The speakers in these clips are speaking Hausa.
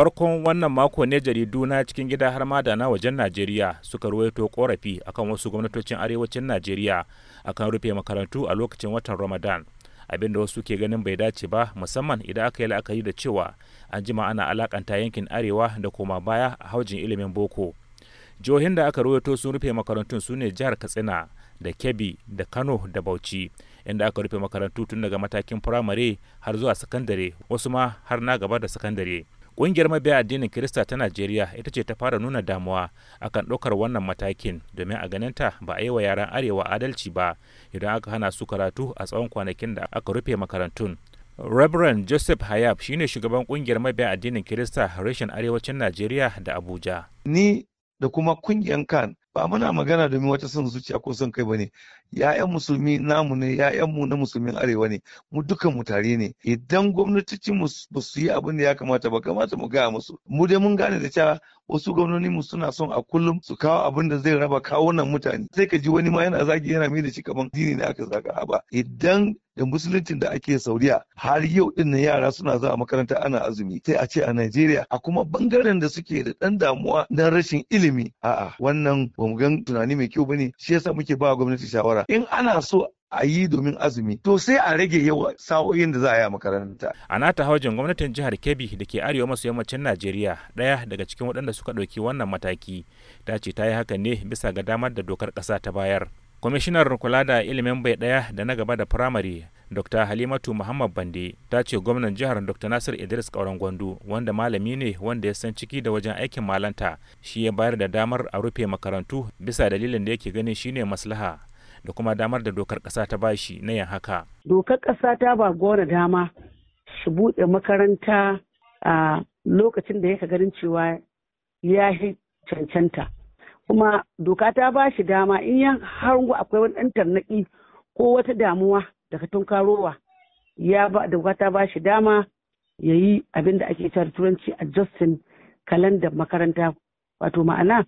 farkon wannan mako ne jaridu na cikin gida har ma da na wajen najeriya suka ruwaito korafi akan wasu gwamnatocin arewacin najeriya akan rufe makarantu a lokacin watan ramadan abin da wasu ke ganin bai dace ba musamman idan aka yi la'akari da cewa an jima ana alakanta yankin arewa da koma baya a haujin ilimin boko jihohin da aka ruwaito sun rufe makarantun su ne jihar katsina da kebbi da kano da bauchi inda aka rufe makarantu tun daga matakin firamare har zuwa sakandare wasu ma har na gaba da sakandare Ƙungiyar mabiya addinin Kirista ta Najeriya ita ce ta fara nuna damuwa akan ɗaukar wannan matakin domin a ganinta ba a yi wa yaran arewa adalci ba idan aka hana su karatu a tsawon kwanakin da aka rufe makarantun. Reverend Joseph Hayab shine shugaban ƙungiyar mabiya addinin Kirista reshen arewacin Najeriya da Abuja. Ni da kuma ƙungiyar kan ba muna magana domin wata son zuciya ko son kai ba ne. ya'yan musulmi namu ne ya'yan mu na musulmin arewa ne mu dukan mu tare ne idan gwamnatoci ba su yi abin da ya kamata ba kamata mu gaya musu mu dai mun gane da cewa wasu gwamnoni mu suna son a kullum su kawo abin da zai raba kawunan mutane sai ka ji wani ma yana zagi yana mai da shi kaman dini ne aka zaga ba idan da musuluncin da ake sauriya har yau din na yara suna zuwa makaranta ana azumi sai a ce a Najeriya a kuma bangaren da suke da dan damuwa na rashin ilimi a'a wannan ba mu gan tunani mai kyau bane shi yasa muke ba gwamnati shawara in ana so a yi domin azumi to sai a rage yawa sa'o'in da za a yi a makaranta. A nata hawajen gwamnatin jihar Kebbi da ke arewa maso yammacin Najeriya ɗaya daga cikin waɗanda suka ɗauki wannan mataki ta ce ta yi haka ne bisa ga damar da dokar ƙasa ta bayar. kwamishinar kula da ilimin bai ɗaya da na gaba da firamare dr halimatu muhammad bande ta ce gwamnan jihar dr nasir idris kauran gwandu wanda malami ne wanda ya san ciki da wajen aikin malanta shi ya bayar da damar a rufe makarantu bisa dalilin da yake ganin shi ne maslaha da kuma damar da dokar ƙasa ta ba shi na yin haka dokar ƙasa ta ba gona dama su buɗe makaranta a lokacin da yake ganin cewa ya cancanta kuma doka ta ba shi dama in yan harin akwai wani ɗan tarnaƙi ko wata damuwa daga tunkarowa ya ba doka ta ba shi dama ya yi abin ake cewa turanci a justin kalandar makaranta wato ma'ana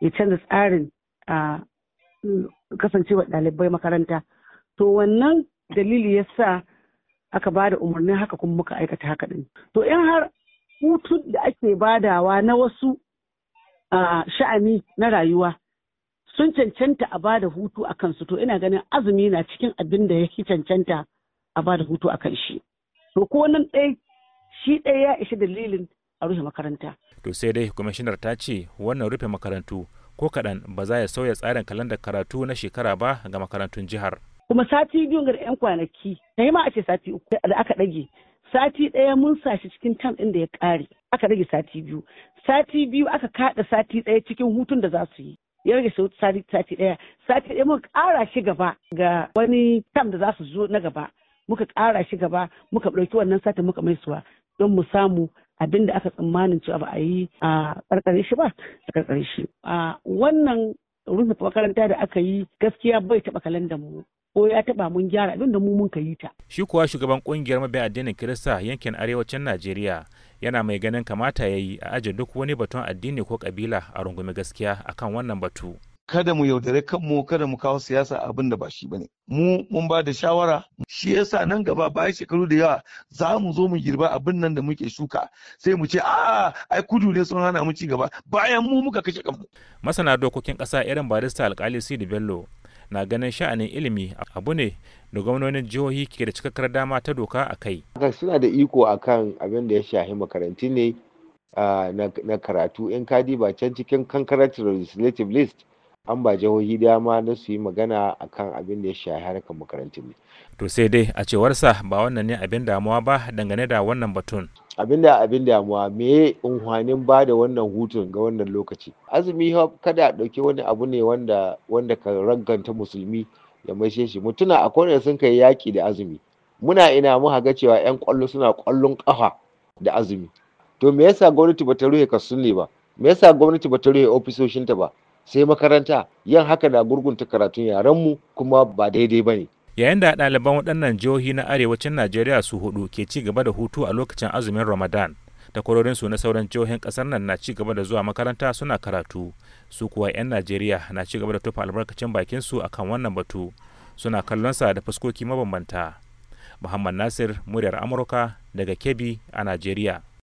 ya canza tsarin a kasancewa ɗalibai makaranta to wannan dalili ya sa aka ba da umarnin haka kuma muka aikata haka ɗin to in har hutun da ake badawa na wasu sha'ani na rayuwa sun cancanta a ba da hutu a kansu to ina ganin azumi na cikin abin da ya fi cancanta a ba da hutu a kan shi to ko wannan ɗaya shi ɗaya ya ishi dalilin a rufe makaranta to sai dai kwamishinar ta ce wannan rufe makarantu ko kaɗan ba za ya sauya tsarin kalandar karatu na shekara ba ga makarantun jihar kuma sati biyu ga 'yan kwanaki ta ma a ce sati uku da aka ɗage sati ɗaya mun sa shi cikin tam ɗin da ya ƙare aka rage sati biyu sati biyu aka kaɗa sati ɗaya cikin hutun da za su yi ya rage sati sati ɗaya sati ɗaya muka ƙara shi gaba ga wani tam da za su zo na gaba muka ƙara shi gaba muka ɗauki wannan satin muka mai suwa don mu samu abin da aka tsammanin cewa ba a yi a ƙarƙare shi ba a ƙarƙare shi wannan rufe makaranta da aka yi gaskiya bai taɓa kalandar mu ko ya taba mun gyara abin da mu mun ka yi ta. Shi kuwa shugaban kungiyar mabiyan addinin Kirista yankin arewacin Najeriya yana mai ganin kamata ya yi a ajiye duk wani batun addini ko kabila a rungumi gaskiya akan wannan batu. Kada mu yaudare kanmu kada mu kawo siyasa abin da ba shi bane. Mu mun ba da shawara shi yasa nan gaba bayan shekaru da yawa za mu zo mu girba abin nan da muke shuka sai mu ce a'a ai kudu ne sun hana mu ci gaba bayan mu muka kashe kanmu. Masana dokokin ƙasa irin barista alkali Sidi Bello na ganin sha'anin ilimi abu ne da gwamnonin jihohi ke da cikakkar dama ta doka a kai. suna da iko a kan abin da ya shahi makaranti ne na karatu in kadi ba can cikin concurrent legislative list an ba jihohi dama na su yi magana a kan abin da ya shahi harkar makarantun ne. To sai dai a cewarsa ba wannan ne abin damuwa ba dangane da wannan batun. abin da abin damuwa me unhwanin ba da wannan hutun ga wannan lokaci azumi kada a ɗauki wani abu ne wanda wanda ka ranganta musulmi ya maishe shi mutuna a kone sun kai yaƙi da azumi muna ina muka ga cewa yan ƙwallo suna ƙwallon ƙafa da azumi to me yasa gwamnati bata ruhe ka sunne ba me yasa gwamnati bata ruhe ofisoshinta ba sai makaranta yin haka na gurgunta karatun yaranmu kuma ba daidai bane yayin da ɗaliban waɗannan jihohi na arewacin najeriya su hudu ke ci gaba da hutu a lokacin azumin ramadan takwarorinsu su na sauran jihohin ƙasar nan na ci gaba da zuwa makaranta suna karatu su kuwa 'yan najeriya na ci gaba da tufa albarkacin bakinsu akan wannan batu suna sa da fuskoki mabambanta muhammad nasir muryar amurka daga kebbi a najeriya